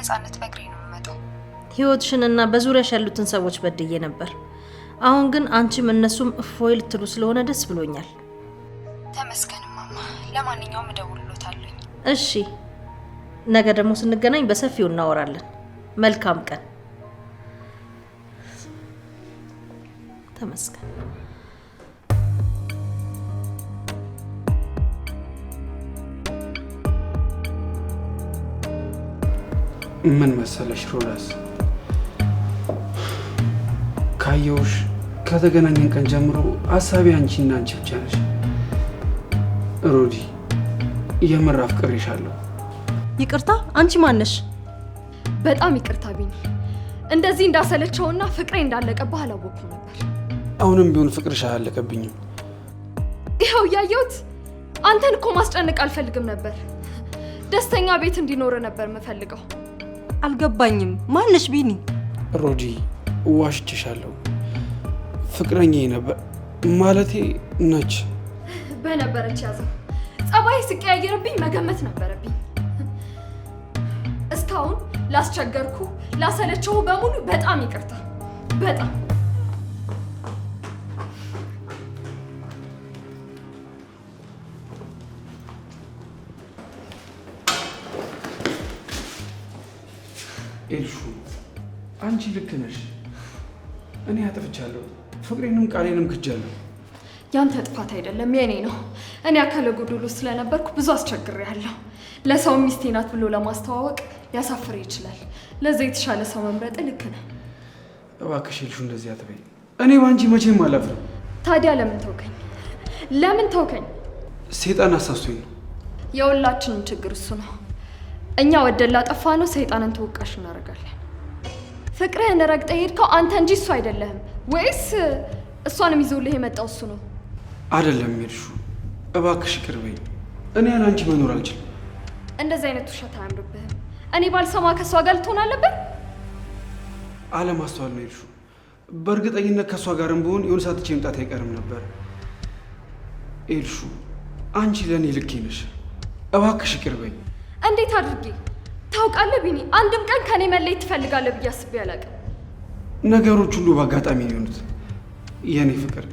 በነፃነት በእግሬ ነው የምመጣው። ህይወትሽንና በዙሪያሽ ያሉትን ሰዎች በድዬ ነበር። አሁን ግን አንቺም እነሱም እፎይ ልትሉ ስለሆነ ደስ ብሎኛል። ተመስገን ማማ። ለማንኛውም እደውልሎታለሁ። እሺ፣ ነገ ደግሞ ስንገናኝ በሰፊው እናወራለን። መልካም ቀን። ተመስገን ምን መሰለሽ ሮዳስ፣ ካየውሽ ከተገናኘን ቀን ጀምሮ ሀሳቤ አንቺና አንቺ ብቻ ነሽ። ሮዲ፣ የምር አፍቅሬሻለሁ። ይቅርታ። አንቺ ማነሽ? በጣም ይቅርታ ቢኒ፣ እንደዚህ እንዳሰለቸውና ፍቅሬ እንዳለቀብህ አላወቅኩ ነበር። አሁንም ቢሆን ፍቅርሽ አላለቀብኝም። ይኸው እያየሁት አንተን እኮ ማስጨንቅ አልፈልግም ነበር። ደስተኛ ቤት እንዲኖር ነበር የምፈልገው። አልገባኝም። ማነሽ ቢኒ? ሮዲ ዋሽችሻለሁ። ፍቅረኛ ነበር ማለቴ ነች። በነበረች ያዘ ጸባይ ስቀያየርብኝ መገመት ነበረብኝ። እስካሁን ላስቸገርኩ፣ ላሰለቸው በሙሉ በጣም ይቅርታ በጣም ኤልሹ አንቺ ልክ ነሽ። እኔ አጥፍቻለሁ፣ ፍቅሬንም ቃሌንም ክጃለሁ። ያንተ ጥፋት አይደለም የእኔ ነው። እኔ አካለ ጎዶሎ ስለነበርኩ ብዙ አስቸግሬያለሁ። ለሰው ሚስቴ ናት ብሎ ለማስተዋወቅ ሊያሳፍር ይችላል። ለዛ የተሻለ ሰው መምረጥ ልክ ነው። እባክሽ ኤልሹ እንደዚህ አትበይ። እኔ ባንቺ መቼም አላፍርም። ታዲያ ለምን ተውከኝ? ለምን ተውከኝ? ሴጣን አሳስቶኝ ነው። የሁላችንም ችግር እሱ ነው። እኛ ወደላ ጠፋ ነው ሰይጣንን ተወቃሽ እናደርጋለን። ፍቅርህን ረግጠህ ሄድከው አንተ እንጂ እሱ አይደለህም። ወይስ እሷንም ይዞልህ የመጣው እሱ ነው? አይደለም ሄድሹ፣ እባክሽ ይቅር በይ። እኔ ያለ አንቺ መኖር አልችልም። እንደዚህ አይነት ውሸት አያምርብህም። እኔ ባልሰማ ከእሷ ጋር ልትሆን አለብህ። አለማስተዋል ነው ሄድሹ። በእርግጠኝነት ከእሷ ጋርም ብሆን የሆነ ሰዓት ትቼ መምጣት አይቀርም ነበር። ሄድሹ፣ አንቺ ለእኔ ልኬ ነሽ። እባክሽ ይቅር በይ። እንዴት አድርጌ ታውቃለህ? ቢኒ አንድም ቀን ከኔ መለየት ትፈልጋለህ ብዬ አስቤ አላውቅም። ነገሮች ሁሉ በአጋጣሚ ነው የሆኑት። የኔ ፍቅር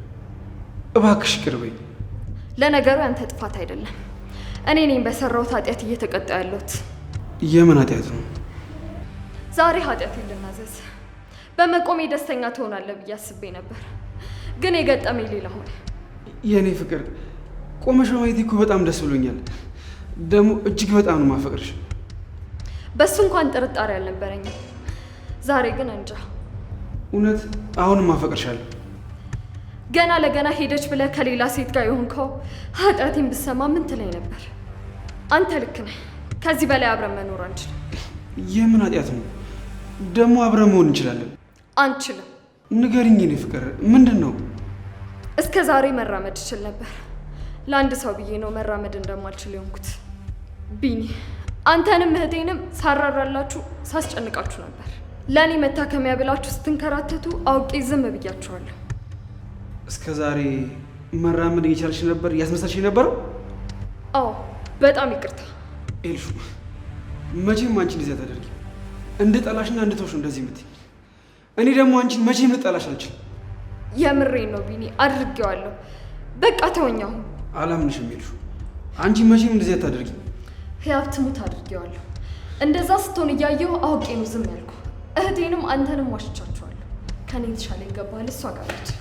እባክሽ ቅርበኝ። ለነገሩ ያንተ ጥፋት አይደለም። እኔ ነኝ በሰራሁት ኃጢአት እየተቀጣ ያለሁት። የምን ኃጢአት ነው? ዛሬ ኃጢአት ልናዘዝ በመቆሜ ደስተኛ ትሆናለህ ብዬ አስቤ ነበር፣ ግን የገጠመኝ ሌላ ሆነ። የእኔ ፍቅር ቆመሽ በማየቴ እኮ በጣም ደስ ብሎኛል። ደግሞ እጅግ በጣም ነው ማፈቅርሽ። በሱ እንኳን ጥርጣሬ አልነበረኝም። ዛሬ ግን እንጃ። እውነት ማፈቅርሽ አለ ገና ለገና ሄደች ብለህ ከሌላ ሴት ጋር የሆንከው ኃጢአቴን ብሰማ ምን ትለኝ ነበር? አንተ ልክ ነህ። ከዚህ በላይ አብረን መኖር አንችልም። የምን ኃጢአት ነው ደግሞ? አብረን መሆን እንችላለን። አንችልም። ንገርኝ ነው ፍቅር፣ ምንድን ነው? እስከ ዛሬ መራመድ እችል ነበር። ለአንድ ሰው ብዬ ነው መራመድ እንደማልችል የሆንኩት። ቢኒ አንተንም እህቴንም ሳራራላችሁ ሳስጨንቃችሁ ነበር። ለእኔ መታከሚያ ብላችሁ ስትንከራተቱ አውቄ ዝም ብያችኋለሁ። እስከ ዛሬ መራመድ እየቻልሽ ነበር እያስመሰልሽ የነበረው? አዎ፣ በጣም ይቅርታ ኤልሹ። መቼም አንቺ እንደዚህ ጠላሽና እንደ ተውሽ እንደዚህ የምትይኝ እኔ ደግሞ አንቺን መቼም ልጠላሽ አልችልም። የምሬን ነው ቢኒ፣ አድርጌዋለሁ። በቃ ተወኛሁ። አላምንሽም ኤልሹ። አንቺ መቼም እንደዚህ አታደርጊም። ህያብ ትሙት አድርጌዋለሁ። እንደዛ ስትሆን እያየሁ አውቄ ነው ዝም ያልኩ። እህቴንም አንተንም ዋሽቻችኋለሁ። ከኔ የተሻለ ይገባል እሷ ጋር ነች።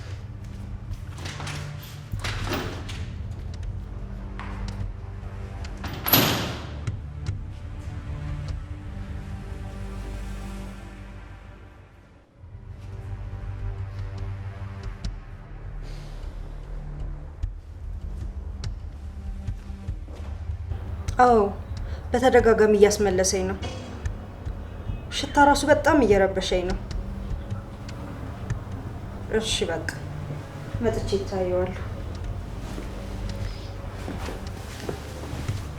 አዎ በተደጋጋሚ እያስመለሰኝ ነው። ሽታ ራሱ በጣም እየረበሸኝ ነው። እሺ በቃ መጥቼ ይታየዋል።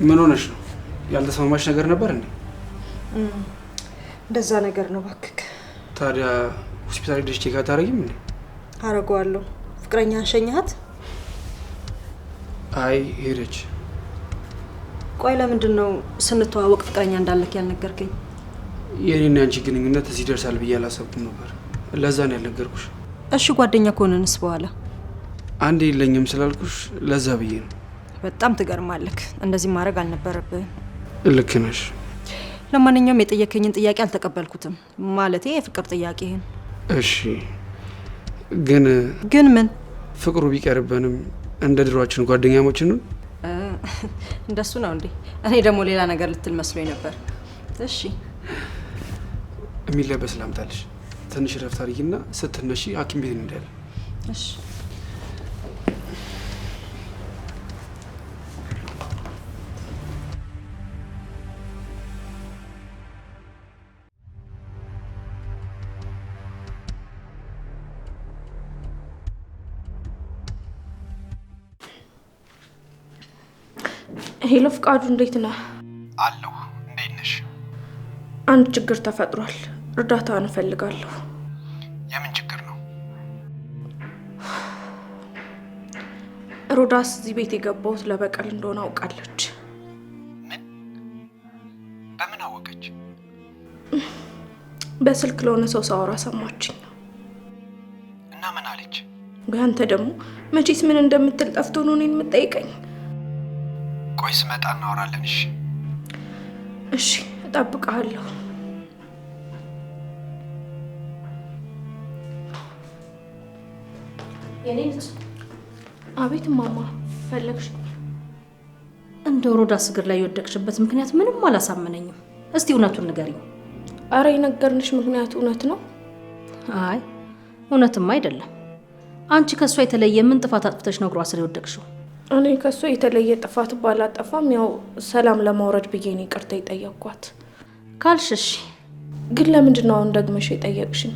ምን ሆነሽ ነው? ያልተስማማሽ ነገር ነበር እንዴ? እንደዛ ነገር ነው እባክህ። ታዲያ ሆስፒታል ሄደሽ ቼክ አታረጊም እንዴ? አረገዋለሁ። ፍቅረኛ ሸኛት? አይ ሄደች ቆይ ለምንድን ነው ስንተዋወቅ ፍቅረኛ እንዳለክ ያልነገርከኝ? የኔና ያንቺ ግንኙነት እዚህ ደርሳል ብዬ አላሰብኩም ነበር። ለዛ ነው ያልነገርኩሽ። እሺ ጓደኛ ከሆነንስ በኋላ? አንድ የለኝም ስላልኩሽ ለዛ ብዬ ነው። በጣም ትገርማለክ። እንደዚህ ማድረግ አልነበረብህም። ልክ ነሽ። ለማንኛውም የጠየከኝን ጥያቄ አልተቀበልኩትም። ማለቴ የፍቅር ጥያቄህን። እሺ ግን ግን ምን ፍቅሩ ቢቀርብንም እንደ ድሯችን ጓደኛሞችን እንደሱ ነው እንዴ? እኔ ደግሞ ሌላ ነገር ልትል መስሎኝ ነበር። እሺ የሚለበስ ላምጣልሽ። ትንሽ ረፍት አድርጊና ስትነሺ ሐኪም ቤት እንሄዳለን። እሺ ሄሎ ፍቃዱ፣ እንዴት ነህ? አለሁ። እንዴት ነሽ? አንድ ችግር ተፈጥሯል። እርዳታ እንፈልጋለሁ። የምን ችግር ነው? ሮዳስ እዚህ ቤት የገባሁት ለበቀል እንደሆነ አውቃለች። ምን? በምን አወቀች? በስልክ ለሆነ ሰው ሳወራ ሰማችኝ። እና ምን አለች? አንተ ደግሞ መቼስ ምን እንደምትል ጠፍቶ ነው እኔን የምጠይቀኝ? ቆይ ስመጣ እናወራለን። እሺ እሺ፣ እጠብቃለሁ። አቤት ማማ፣ ፈለግሽ? እንደ ሮዳ ስግር ላይ የወደቅሽበት ምክንያት ምንም አላሳመነኝም። እስቲ እውነቱን ንገሪኝ። አረ የነገርንሽ ምክንያት እውነት ነው። አይ እውነትም አይደለም። አንቺ ከእሷ የተለየ ምን ጥፋት አጥፍተሽ ነው እግሯ ስለ የወደቅሽው? እኔ ከእሷ የተለየ ጥፋት ባላጠፋም ያው ሰላም ለማውረድ ብዬ ነው ይቅርታ የጠየኳት። ካልሽሽ ግን ለምንድን ነው አሁን ደግመሽ የጠየቅሽኝ?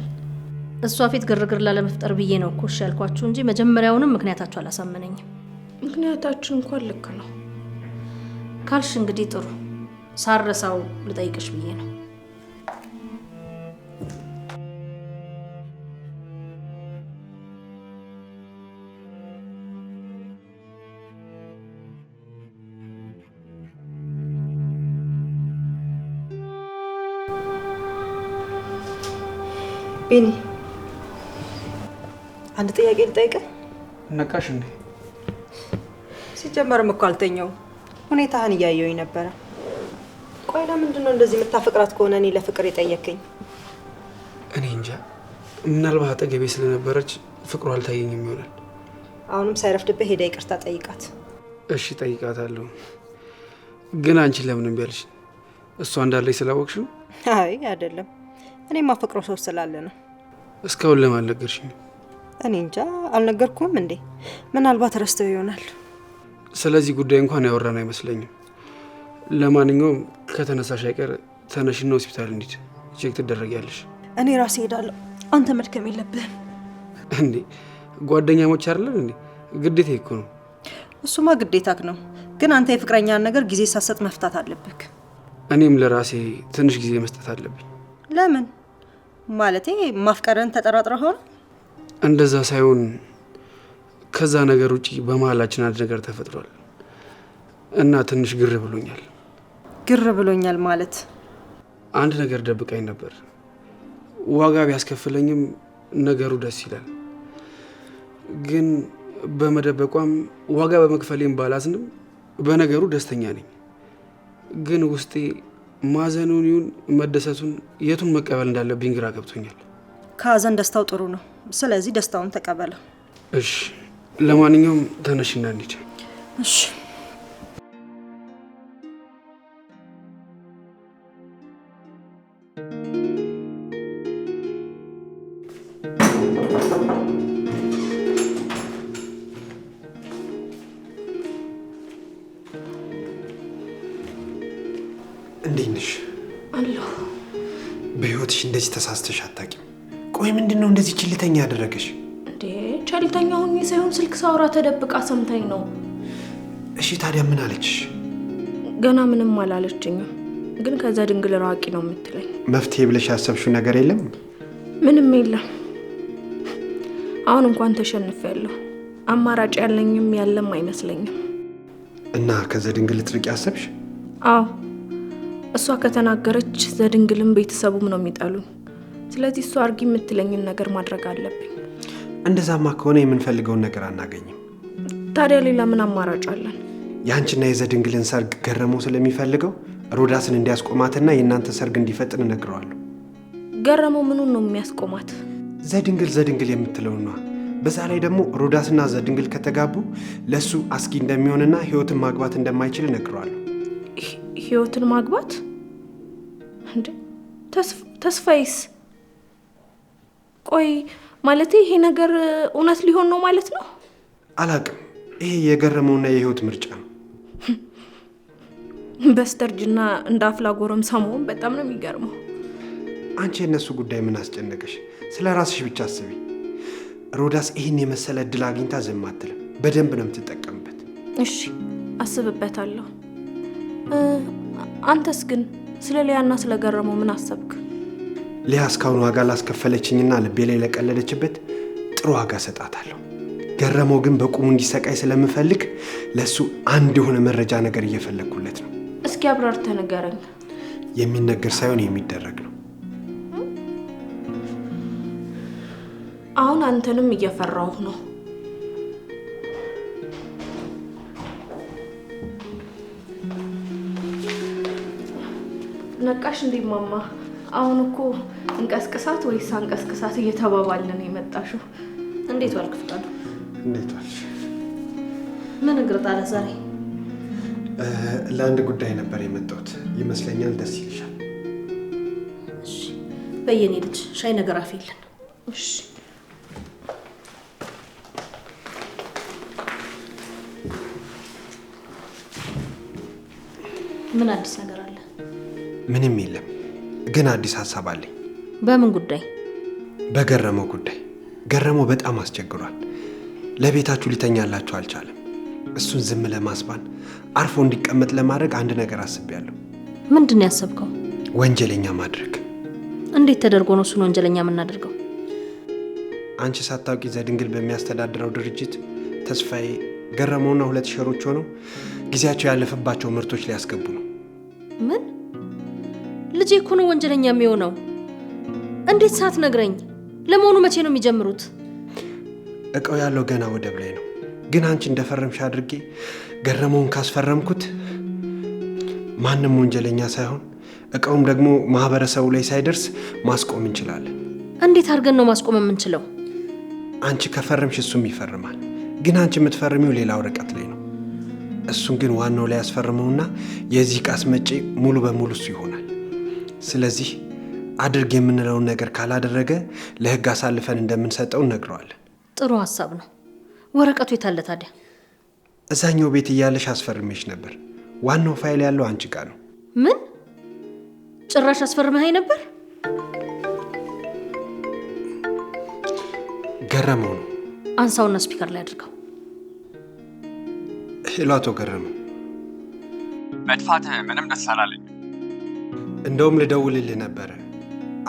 እሷ ፊት ግርግር ላለመፍጠር ብዬ ነው እኮ እሺ ያልኳችሁ እንጂ መጀመሪያውንም ምክንያታችሁ አላሳመነኝም። ምክንያታችሁ እንኳን ልክ ነው ካልሽ እንግዲህ ጥሩ ሳረሳው ልጠይቅሽ ብዬ ነው። ቤኒ አንድ ጥያቄ ልጠይቅህ። ነቃሽ እንዴ? ሲጀመርም እኮ አልተኛውም፣ ሁኔታህን እያየሁኝ ነበረ። ቆይ ለምንድን ነው እንደዚህ የምታፈቅራት ከሆነ እኔ ለፍቅር የጠየከኝ? እኔ እንጃ፣ ምናልባት አጠገቤ ስለነበረች ፍቅሩ አልታየኝም ይሆናል። አሁንም ሳይረፍድብህ ሄደ ይቅርታ ጠይቃት። እሺ ጠይቃታለሁ። ግን አንቺን ለምን እምቢ አልሽ? እሷ እንዳለች ስላወቅሽው? አይ አይደለም፣ እኔ ማፈቅረው ሰው ስላለ ነው። እስካሁን ለምን አልነገርሽኝ? እኔ እንጃ አልነገርኩም እንዴ? ምናልባት ረስተው ይሆናል። ስለዚህ ጉዳይ እንኳን ያወራን አይመስለኝም። ለማንኛውም ከተነሳሽ አይቀር ተነሽና ሆስፒታል እንሂድ፣ ቼክ ትደረጊያለሽ። እኔ ራሴ ሄዳለሁ። አንተ መድከም የለብህም እንዴ። ጓደኛሞች አይደለን እንዴ? ግዴታ እኮ ነው። እሱማ ግዴታክ ነው፣ ግን አንተ የፍቅረኛን ነገር ጊዜ ሳሰጥ መፍታት አለብህ። እኔም ለራሴ ትንሽ ጊዜ መስጠት አለብኝ። ለምን ማለቴ ማፍቀርን ተጠራጥረ ሆነ? እንደዛ ሳይሆን ከዛ ነገር ውጪ በመሀላችን አንድ ነገር ተፈጥሯል እና ትንሽ ግር ብሎኛል። ግር ብሎኛል ማለት አንድ ነገር ደብቃኝ ነበር። ዋጋ ቢያስከፍለኝም ነገሩ ደስ ይላል። ግን በመደበቋም ዋጋ በመክፈሌም ባላዝንም በነገሩ ደስተኛ ነኝ። ግን ውስጤ ማዘኑን ይሁን መደሰቱን የቱን መቀበል እንዳለብኝ ግራ ገብቶኛል። ከሀዘን ደስታው ጥሩ ነው። ስለዚህ ደስታውን ተቀበለ። እሺ፣ ለማንኛውም ተነሽና እንሂድ። እሺ ሳውራ ተደብቃ ሰምታኝ ነው። እሺ ታዲያ ምን አለችሽ? ገና ምንም አላለችኝም፣ ግን ከዛ ድንግል ራቂ ነው የምትለኝ። መፍትሄ ብለሽ ያሰብሽው ነገር የለም? ምንም የለም። አሁን እንኳን ተሸንፌያለሁ። አማራጭ ያለኝም ያለም አይመስለኝም። እና ከዛ ድንግል ልትርቂ አሰብሽ? አዎ እሷ ከተናገረች ዘድንግልም ቤተሰቡም ነው የሚጠሉኝ። ስለዚህ እሷ አርጊ የምትለኝን ነገር ማድረግ አለብኝ። እንደዛማ ከሆነ የምንፈልገውን ነገር አናገኝም። ታዲያ ሌላ ምን አማራጭ አለን? የአንቺና የዘድንግልን ሰርግ ገረመው ስለሚፈልገው ሮዳስን እንዲያስቆማትና የእናንተ ሰርግ እንዲፈጥን እነግረዋለሁ። ገረመው ምኑን ነው የሚያስቆማት? ዘድንግል ዘድንግል የምትለውና በዛ ላይ ደግሞ ሮዳስና ዘድንግል ከተጋቡ ለእሱ አስጊ እንደሚሆንና ህይወትን ማግባት እንደማይችል እነግረዋለሁ። ህይወትን ማግባት እንዴ? ተስፋይስ? ቆይ ማለት ይሄ ነገር እውነት ሊሆን ነው ማለት ነው? አላቅም። ይሄ የገረመውና የህይወት ምርጫ ነው። በስተርጅና እንደ አፍላ ጎረምሳ መሆን በጣም ነው የሚገርመው። አንቺ የእነሱ ጉዳይ ምን አስጨነቀሽ? ስለ ራስሽ ብቻ አስቢ። ሮዳስ ይህን የመሰለ እድል አግኝታ ዝም አትልም። በደንብ ነው የምትጠቀምበት። እሺ አስብበታለሁ። አንተስ ግን ስለ ሊያና ስለገረመው ምን አሰብክ? ሊያ እስካሁን ዋጋ ላስከፈለችኝና ልቤ ላይ ለቀለደችበት ጥሩ ዋጋ ሰጣታለሁ። ገረመው ግን በቁሙ እንዲሰቃይ ስለምፈልግ ለእሱ አንድ የሆነ መረጃ ነገር እየፈለግኩለት ነው። እስኪ አብራርተህ ንገረኝ። የሚነገር ሳይሆን የሚደረግ ነው። አሁን አንተንም እየፈራሁህ ነው። ነቃሽ እንዲማማ አሁን እኮ እንቀስቅሳት ወይስ አንቀስቅሳት እየተባባልን ነው የመጣሽው። እንዴት ዋልክ ፍቃዱ? እንዴት ዋልሽ? ምን እግር ጣለ ዛሬ? ለአንድ ጉዳይ ነበር የመጣሁት ይመስለኛል። ደስ ይልሻል። በየኔ ልጅ ሻይ ነገር አፍ እሺ ምን አዲስ ነገር አለ? ምንም የለም ግን አዲስ ሀሳብ አለኝ። በምን ጉዳይ? በገረመው ጉዳይ። ገረመው በጣም አስቸግሯል። ለቤታችሁ ሊተኛላችሁ አልቻለም። እሱን ዝም ለማስባል አርፎ እንዲቀመጥ ለማድረግ አንድ ነገር አስቤያለሁ። ምንድን ነው ያሰብከው? ወንጀለኛ ማድረግ። እንዴት ተደርጎ ነው እሱን ወንጀለኛ የምናደርገው? አንቺ ሳታውቂ ዘድንግል በሚያስተዳድረው ድርጅት ተስፋዬ ገረመውና ሁለት ሸሮች ሆነው ጊዜያቸው ያለፈባቸው ምርቶች ሊያስገቡ ነው። ምን ልጄ እኮ ነው ወንጀለኛ የሚሆነው። እንዴት ነግረኝ ለመሆኑ መቼ ነው የሚጀምሩት? እቃው ያለው ገና ወደብ ላይ ነው። ግን አንቺ እንደፈረምሽ አድርጌ ገረመውን ካስፈረምኩት ማንም ወንጀለኛ ሳይሆን እቃውም ደግሞ ማህበረሰቡ ላይ ሳይደርስ ማስቆም እንችላለን። እንዴት አድርገን ነው ማስቆም የምንችለው? አንቺ ከፈረምሽ እሱም ይፈርማል። ግን አንቺ የምትፈርሚው ሌላ ወረቀት ላይ ነው። እሱን ግን ዋናው ላይ ያስፈርመውና የዚህ እቃ አስመጪ ሙሉ በሙሉ እሱ ይሆናል። ስለዚህ አድርግ የምንለውን ነገር ካላደረገ ለህግ አሳልፈን እንደምንሰጠው እነግረዋለን። ጥሩ ሀሳብ ነው። ወረቀቱ የታለ ታዲያ? እዛኛው ቤት እያለሽ አስፈርሜሽ ነበር። ዋናው ፋይል ያለው አንቺ ጋ ነው። ምን ጭራሽ አስፈርመሃኝ ነበር? ገረመው ነው። አንሳውና ስፒከር ላይ አድርገው። ሄሎ፣ አቶ ገረመው፣ መጥፋትህ ምንም ደስ አላለኝ። እንደውም ልደውልልህ ነበረ።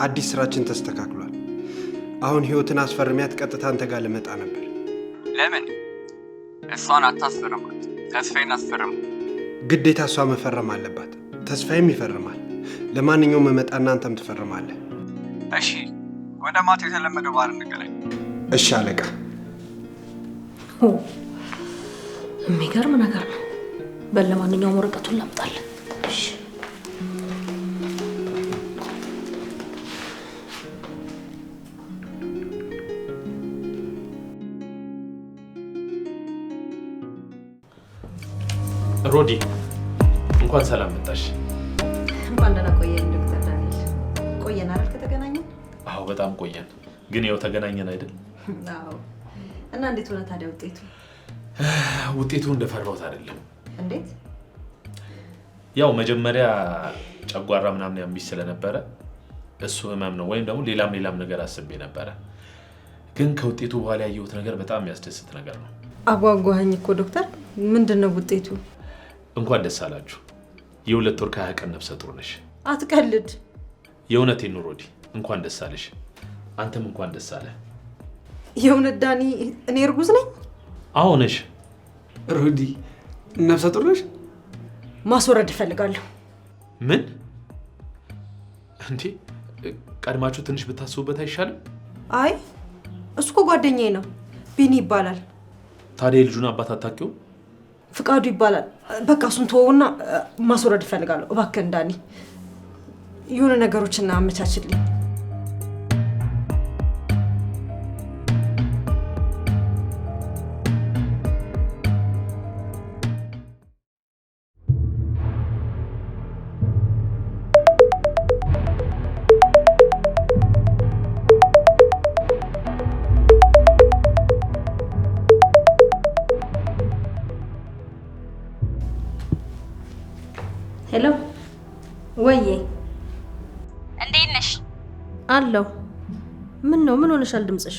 አዲስ ስራችን ተስተካክሏል። አሁን ህይወትን አስፈርሚያት ቀጥታ አንተ ጋር ልመጣ ነበር። ለምን እሷን አታስፈርማት? ተስፋዬን አስፈርማ። ግዴታ እሷ መፈረም አለባት። ተስፋዬም ይፈርማል። ለማንኛውም መመጣ አንተም ትፈርማለህ። እሺ፣ ወደ ማታ የተለመደው ባህር እንገናኝ። እሺ አለቃ። የሚገርም ነገር ነው። በለማንኛውም ለማንኛውም ወረቀቱን ላምጣለን። ሮዲ እንኳን ሰላም መጣሽ። እንኳን ደህና ቆየን ዶክተር ዳንኤል። ቆየን አይደል ከተገናኘን? አዎ በጣም ቆየን፣ ግን ያው ተገናኘን አይደል? አዎ። እና እንዴት ሆነ ታዲያ ውጤቱ? ውጤቱ እንደፈራሁት አይደለም። እንዴት? ያው መጀመሪያ ጨጓራ ምናምን ያምሽ ስለነበረ እሱ ህመም ነው ወይም ደግሞ ሌላም ሌላም ነገር አስቤ ነበረ፣ ግን ከውጤቱ በኋላ ያየሁት ነገር በጣም የሚያስደስት ነገር ነው። አጓጓኸኝ እኮ ዶክተር። ምንድን ነው ውጤቱ? እንኳን ደስ አላችሁ። የሁለት ወር ከሀያ ቀን ነፍሰ ጡር ነሽ። አትቀልድ። የእውነት ኑሮዲ እንኳን ደስ አለሽ። አንተም እንኳን ደስ አለ። የእውነት ዳኒ፣ እኔ እርጉዝ ነኝ? አዎ ነሽ። ሮዲ ነፍሰ ጡር ነሽ? ማስወረድ እፈልጋለሁ። ምን እንዴ? ቀድማችሁ ትንሽ ብታስቡበት አይሻልም? አይ እሱ እኮ ጓደኛዬ ነው፣ ቢኒ ይባላል። ታዲያ የልጁን አባት አታውቂውም? ፍቃዱ ይባላል። በቃ እሱን ተወውና ማስወረድ እፈልጋለሁ። እባክህ እንዳኒ የሆነ ነገሮችን አመቻችልኝ። አለው ምን ነው? ምን ሆነሻል? ድምፅሽ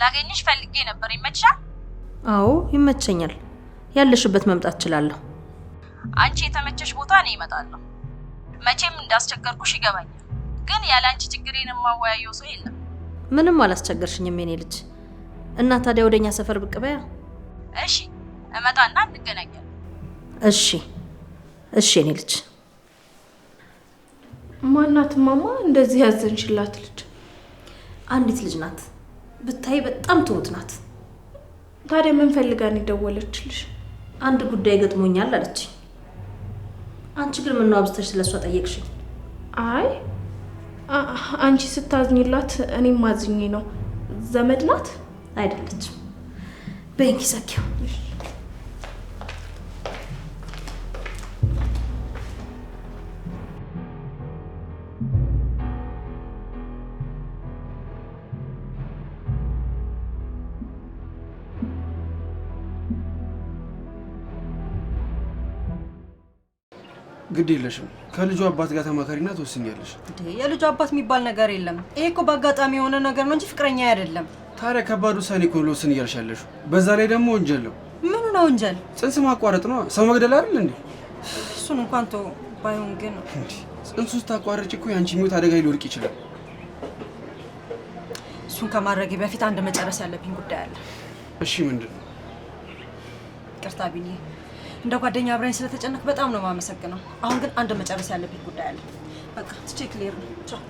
ላገኝሽ ፈልጌ ነበር። ይመችሻል? አዎ ይመቸኛል። ያለሽበት መምጣት እችላለሁ። አንቺ የተመቸሽ ቦታ እኔ እመጣለሁ። መቼም እንዳስቸገርኩሽ ይገባኛል፣ ግን ያለ አንቺ ችግሬን የማወያየው ሰው የለም። ምንም አላስቸገርሽኝም የኔ ልጅ። እና ታዲያ ወደኛ ሰፈር ብቅ በያ። እሺ እመጣና እንገናኛለን። እሺ እሺ የኔ ልጅ ማናት ማማ? እንደዚህ ያዘንሽላት ልጅ? አንዲት ልጅ ናት፣ ብታይ በጣም ትሁት ናት። ታዲያ ምን ፈልጋን የደወለችልሽ? አንድ ጉዳይ ገጥሞኛል አለች። አንቺ ግን ምነው አብዝተሽ ስለሷ ጠየቅሽ? አይ አንቺ ስታዝኝላት እኔም ማዝኝ ነው። ዘመድ ናት አይደለችም። በእንኪ ሰኪው ግድ የለሽም። ከልጁ አባት ጋር ተማካሪና ትወስኛለሽ። የልጁ አባት የሚባል ነገር የለም። ይሄ እኮ በአጋጣሚ የሆነ ነገር ነው እንጂ ፍቅረኛ አይደለም። ታዲያ ከባድ ውሳኔ እኮ ልወስን እያልሽ በዛ ላይ ደግሞ ወንጀል ነው። ምኑ ነው ወንጀል? ጽንስ ማቋረጥ ነው። ሰው መግደል አይደል እንዴ? እሱን እንኳን ተው። ባይሆን ግን ጽንሱ ስታቋርጭ እኮ የአንቺ ሚወት አደጋ ሊወድቅ ይችላል። እሱን ከማድረጌ በፊት አንድ መጨረስ ያለብኝ ጉዳይ አለ። እሺ፣ ምንድን ነው? ቅርታ ቢኒ እንደ ጓደኛ አብረኝ ስለተጨነቅ በጣም ነው የማመሰግነው። አሁን ግን አንድ መጨረስ ያለብኝ ጉዳይ አለ። በቃ ትቼ ክሊር ነው።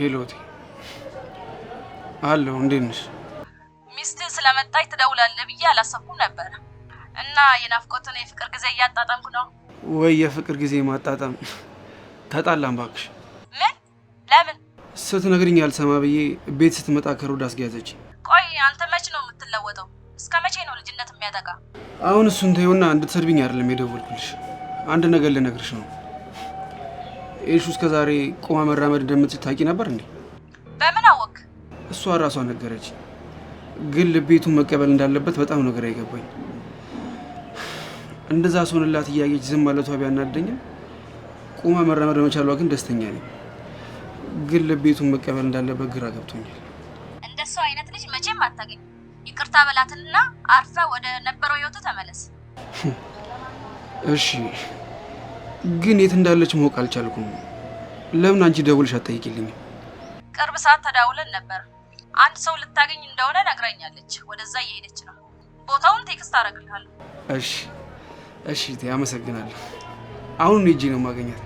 ሄሎቴ አለሁ። እንዴት ነሽ? ሚስትህ ስለመጣች ትደውላለህ ብዬ አላሰብኩም ነበር። እና የናፍቆትን የፍቅር ጊዜ እያጣጠምኩ ነው ወይ? የፍቅር ጊዜ ማጣጣም ተጣላን ባክሽ። ምን? ለምን? ስትነግሪኝ ያልሰማ ብዬ ቤት ስትመጣ ከሮድ አስጊያዘች። ቆይ አንተ መቼ ነው የምትለወጠው? እስከ መቼ ነው ልጅነት የሚያጠቃ? አሁን እሱን ተይውና እንድትሰድብኝ አይደለም የደወልኩልሽ። አንድ ነገር ልነግርሽ ነው። ኤልሹ እስከ ዛሬ ቆማ መራመድ እንደምትችል ታውቂ ነበር እንዴ? በምን አወቅ? እሷ ራሷ ነገረች። ግን ልቤቱን መቀበል እንዳለበት በጣም ነገር አይገባኝ እንደዛ ሰውንላ እያየች ዝም ማለቷ ቢያናደኝም ቁመ መራመድ መቻሏ ግን ደስተኛ ነኝ። ግን ለቤቱን መቀበል እንዳለበት ግራ ገብቶኛል። ሰው አይነት ልጅ መቼም አታገኝ። ይቅርታ በላትንና አርፈ ወደ ነበረው ህይወቱ ተመለስ። እሺ፣ ግን የት እንዳለች ማወቅ አልቻልኩም። ለምን አንቺ ደውልሽ አትጠይቂልኝም? ቅርብ ሰዓት ተዳውለን ነበር። አንድ ሰው ልታገኝ እንደሆነ ነግረኛለች። ወደዛ እየሄደች ነው። ቦታውን ቴክስት አደርግልሃለሁ። እሺ እሺ አመሰግናለሁ። አሁን እጄ ነው የማገኛት።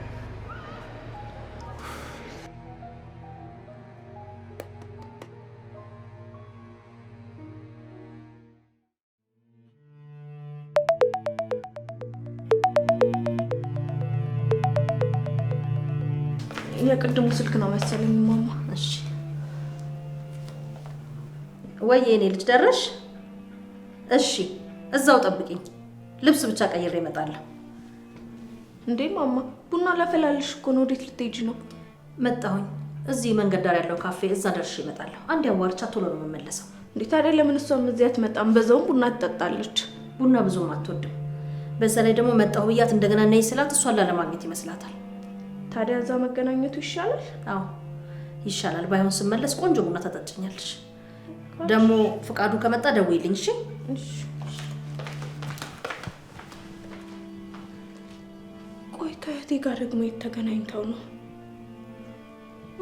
የቅድሙ ስልክ ነው መሰለኝ ማማ። እሺ ወይ የኔ ልጅ ደረሽ? እሺ እዛው ጠብቂኝ። ልብስ ብቻ ቀይሬ እመጣለሁ። እንዴ ማማ ቡና ላፈላልሽ እኮ ነው። ወዴት ልትሄጂ ነው? መጣሁኝ። እዚህ መንገድ ዳር ያለው ካፌ እዛ ደርሼ እመጣለሁ። አንድ ያዋርቻ ቶሎ ነው የምመለሰው። እንዴ ታዲያ ለምን እሷም እዚህ አትመጣም? በዛውም ቡና ትጠጣለች። ቡና ብዙም አትወድም። በዛ ላይ ደግሞ መጣሁ ብያት እንደገና ነይ ስላት እሷን ላለማግኘት ይመስላታል። ታዲያ እዛ መገናኘቱ ይሻላል። አዎ ይሻላል። ባይሆን ስመለስ ቆንጆ ቡና ታጠጭኛለሽ። ደግሞ ፍቃዱ ከመጣ ደውይልኝ እሺ። ከእህቴ ጋር ደግሞ የተገናኝተው ነው።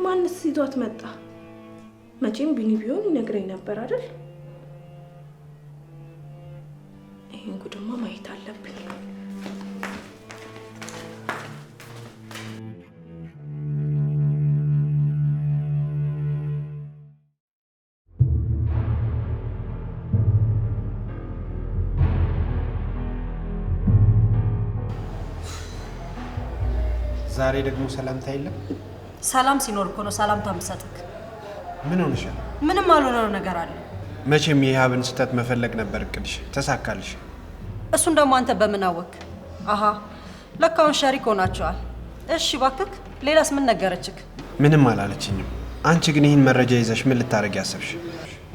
ማንስ ይዟት መጣ? መቼም ቢኒ ቢሆን ይነግረኝ ነበር አይደል? ይህን ጉድማ ማየት አለብኝ። ዛሬ ደግሞ ሰላምታ የለም። ሰላም ሲኖር እኮ ነው ሰላምታ የምትሰጥክ። ምን ሆነሻል? ምንም አልሆነው ነገር አለ። መቼም የያብን ስህተት መፈለግ ነበር እቅድሽ፣ ተሳካልሽ። እሱን ደግሞ አንተ በምን አወቅ አሀ ለካውን ሸሪክ ሆናቸዋል። እሺ ባክክ፣ ሌላስ ምን ነገረችክ? ምንም አላለችኝም። አንቺ ግን ይህን መረጃ ይዘሽ ምን ልታደርግ ያሰብሽ?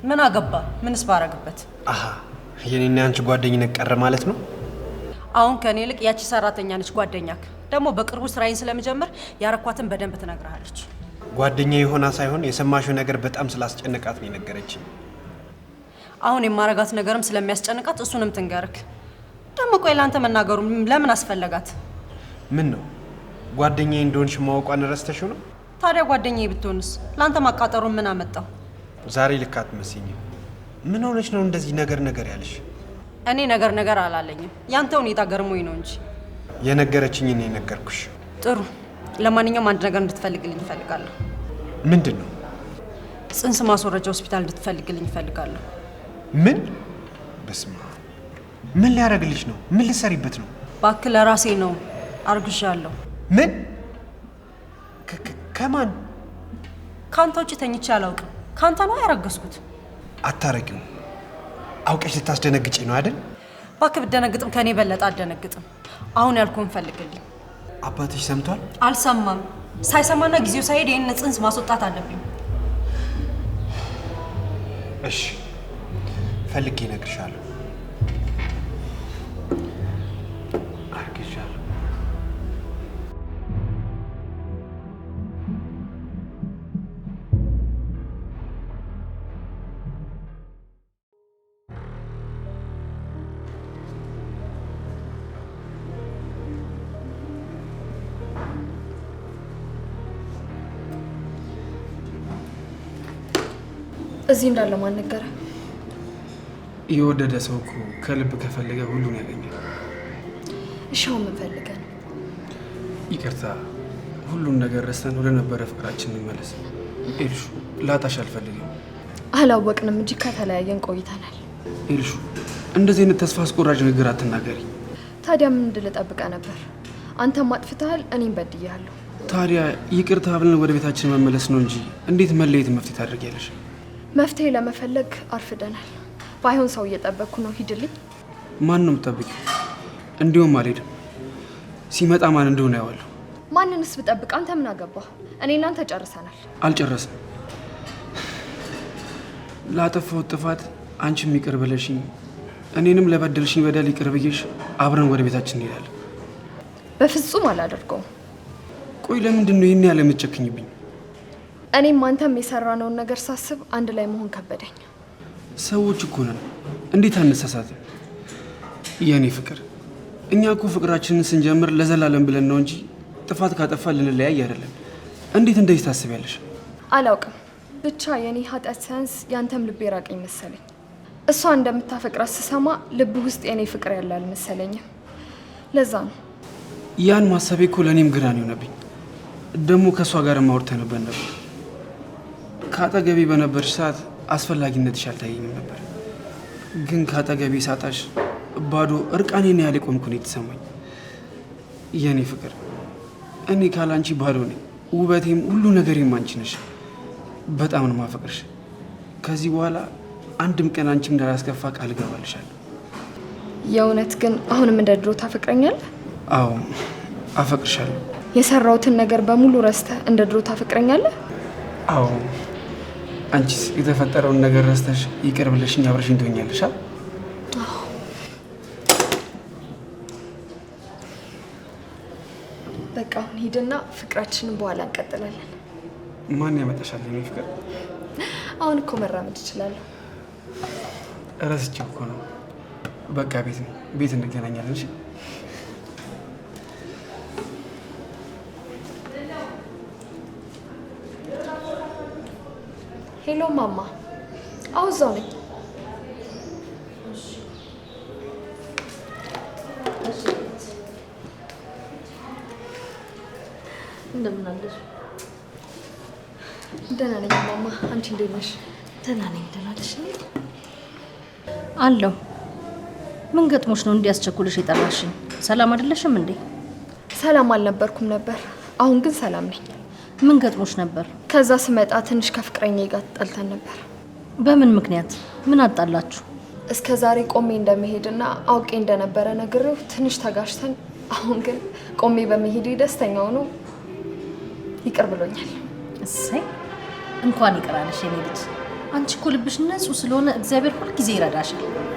ምን አገባ? ምንስ ባረግበት? አሀ የኔና አንቺ ጓደኝነት ቀረ ማለት ነው። አሁን ከኔ ይልቅ ያቺ ሰራተኛ ነች ጓደኛክ። ደግሞ በቅርቡ ስራዬን ስለምጀምር ያረኳትን በደንብ ትነግርሃለች። ጓደኛ የሆና ሳይሆን የሰማሽው ነገር በጣም ስላስጨነቃት ነው የነገረች። አሁን የማረጋት ነገርም ስለሚያስጨንቃት እሱንም ትንገርክ። ደግሞ ቆይ ላንተ መናገሩ ለምን አስፈለጋት? ምን ነው ጓደኛ እንደሆንሽ ማወቋን ረስተሽው ነው? ታዲያ ጓደኛ ብትሆንስ ላንተ ማቃጠሩ ምን አመጣው? ዛሬ ልካት መስኝ። ምን ሆነች ነው እንደዚህ ነገር ነገር ያለሽ? እኔ ነገር ነገር አላለኝም። ያንተ ሁኔታ ገርሞኝ ነው እንጂ የነገረችኝን የነገርኩሽ። ጥሩ። ለማንኛውም አንድ ነገር እንድትፈልግልኝ እፈልጋለሁ። ምንድን ነው? ጽንስ ማስወረጃ ሆስፒታል እንድትፈልግልኝ እፈልጋለሁ። ምን? በስመ አብ! ምን ሊያደርግልሽ ነው? ምን ልሰሪበት ነው? እባክህ ለራሴ ነው። አርግዣለሁ። ምን? ከማን? ከአንተ ውጭ ተኝቼ አላውቅም። ከአንተ ነው ያረገዝኩት። አታረቂው። አውቀሽ ልታስደነግጪ ነው አይደል? እባክህ ብደነግጥም ከኔ በለጠ አደነግጥም። አሁን ያልኩህን ፈልግልኝ። አባትሽ ሰምቷል? አልሰማም። ሳይሰማና ጊዜው ሳይሄድ ይህን ጽንስ ማስወጣት አለብኝ። እሺ ፈልጌ እነግርሻለሁ። እዚህ እንዳለ ማን ነገረ? የወደደ ሰው እኮ ከልብ ከፈለገ ሁሉን ያገኛል። እሻው የምንፈልገ ነው። ይቅርታ፣ ሁሉን ነገር ረስተን ወደ ነበረ ፍቅራችን እንመለስ። ኤልሹ ላጣሽ አልፈልግም። አላወቅንም እንጂ ከተለያየን ቆይተናል። ኤልሹ እንደዚህ አይነት ተስፋ አስቆራጅ ንግግር አትናገሪ። ታዲያ ምን እንድልጠብቀ ነበር? አንተም አጥፍተሃል፣ እኔም በድያለሁ። ታዲያ ይቅርታ ብለን ወደ ቤታችን መመለስ ነው እንጂ እንዴት መለየት መፍትሄ ታደርጊያለሽ? መፍትሄ ለመፈለግ አርፍደናል። ባይሆን ሰው እየጠበቅኩ ነው። ሂድልኝ። ማን ነው እንዲሁም አልሄድም። ሲመጣ ማን እንደሆነ ያዋለሁ። ማንንስ ብጠብቅ አንተ ምን አገባ? እኔ እናንተ ጨርሰናል። አልጨረስም። ላጠፋሁት ጥፋት አንቺም ይቅር ብለሽኝ እኔንም ለበደልሽኝ በደል ይቅር ብዬሽ አብረን ወደ ቤታችን እንሄዳለን። በፍጹም አላደርገውም። ቆይ ለምንድን ነው ይህን ያለ የምትጨክኝብኝ? እኔም አንተም የሰራነውን ነገር ሳስብ አንድ ላይ መሆን ከበደኝ። ሰዎች እኮ ነን፣ እንዴት አንሳሳትም? የእኔ ፍቅር፣ እኛ እኮ ፍቅራችንን ስንጀምር ለዘላለም ብለን ነው እንጂ ጥፋት ካጠፋ ልንለያይ አይደለም። እንዴት እንደዚህ ታስቢያለሽ? አላውቅም፣ ብቻ የእኔ ኃጢአት ሳያንስ ያንተም ልቤ ራቀኝ መሰለኝ። እሷ እንደምታፈቅራት ስሰማ ልብ ውስጥ የእኔ ፍቅር ያለ አልመሰለኝም። ለዛ ነው ያን ማሰቤ እኮ ለእኔም ግራን ይሆነብኝ ደግሞ ከእሷ ጋር ማውርተንበት ነበር ከአጠገቢ በነበር ሰዓት አስፈላጊነትሽ አልታየኝም ነበር፣ ግን ከአጠገቢ ሳጣሽ ባዶ እርቃኔን ያህል የቆምኩ ነው የተሰማኝ። የእኔ ፍቅር፣ እኔ ካላንቺ ባዶ ነኝ። ውበቴም ሁሉ ነገሬም አንቺ ነሽ። በጣም ነው ማፈቅርሽ። ከዚህ በኋላ አንድም ቀን አንቺ እንዳላስከፋ ቃል እገባልሻለሁ። የእውነት ግን አሁንም እንደ ድሮ ታፈቅረኛለህ? አዎ አፈቅርሻለሁ። የሰራሁትን ነገር በሙሉ ረስተህ እንደ ድሮ ታፈቅረኛለህ? አዎ አንቺስ የተፈጠረውን ነገር ረስተሽ ይቅር ብለሽኝ አብረሽኝ ትሆኛለሽ። በቃ አሁን ሂድና ፍቅራችንን በኋላ እንቀጥላለን። ማን ያመጣሻል? የኔ ፍቅር አሁን እኮ መራመድ እችላለሁ። ረስቼ እኮ ነው። በቃ ቤት ቤት እንገናኛለን። ሄሎ ማማ፣ አዎ እዛው ነኝ። እንደምን አለሽ? ደህና ነኝ ማማ፣ አንቺ እንዴት ነሽ? ደህና ነኝ። ደህና ነሽ? አለሁ። ምን ገጥሞች ነው እንዲያስቸኩልሽ የጠራሽኝ? ሰላም አይደለሽም እንዴ? ሰላም አልነበርኩም ነበር። አሁን ግን ሰላም ነኝ። ምን ገጥሞች ነበር? ከዛ ስመጣ ትንሽ ከፍቅረኛ ጋር ተጣልተን ነበር። በምን ምክንያት? ምን አጣላችሁ? እስከ ዛሬ ቆሜ እንደመሄድና አውቄ እንደነበረ ነግሬው ትንሽ ተጋሽተን፣ አሁን ግን ቆሜ በመሄድ ደስተኛ ነው፣ ይቅር ብሎኛል። እሰይ እንኳን ይቅር አለሽ የኔ ልጅ። አንቺ እኮ ልብሽ ንጹህ ስለሆነ እግዚአብሔር ሁልጊዜ ይረዳሻል።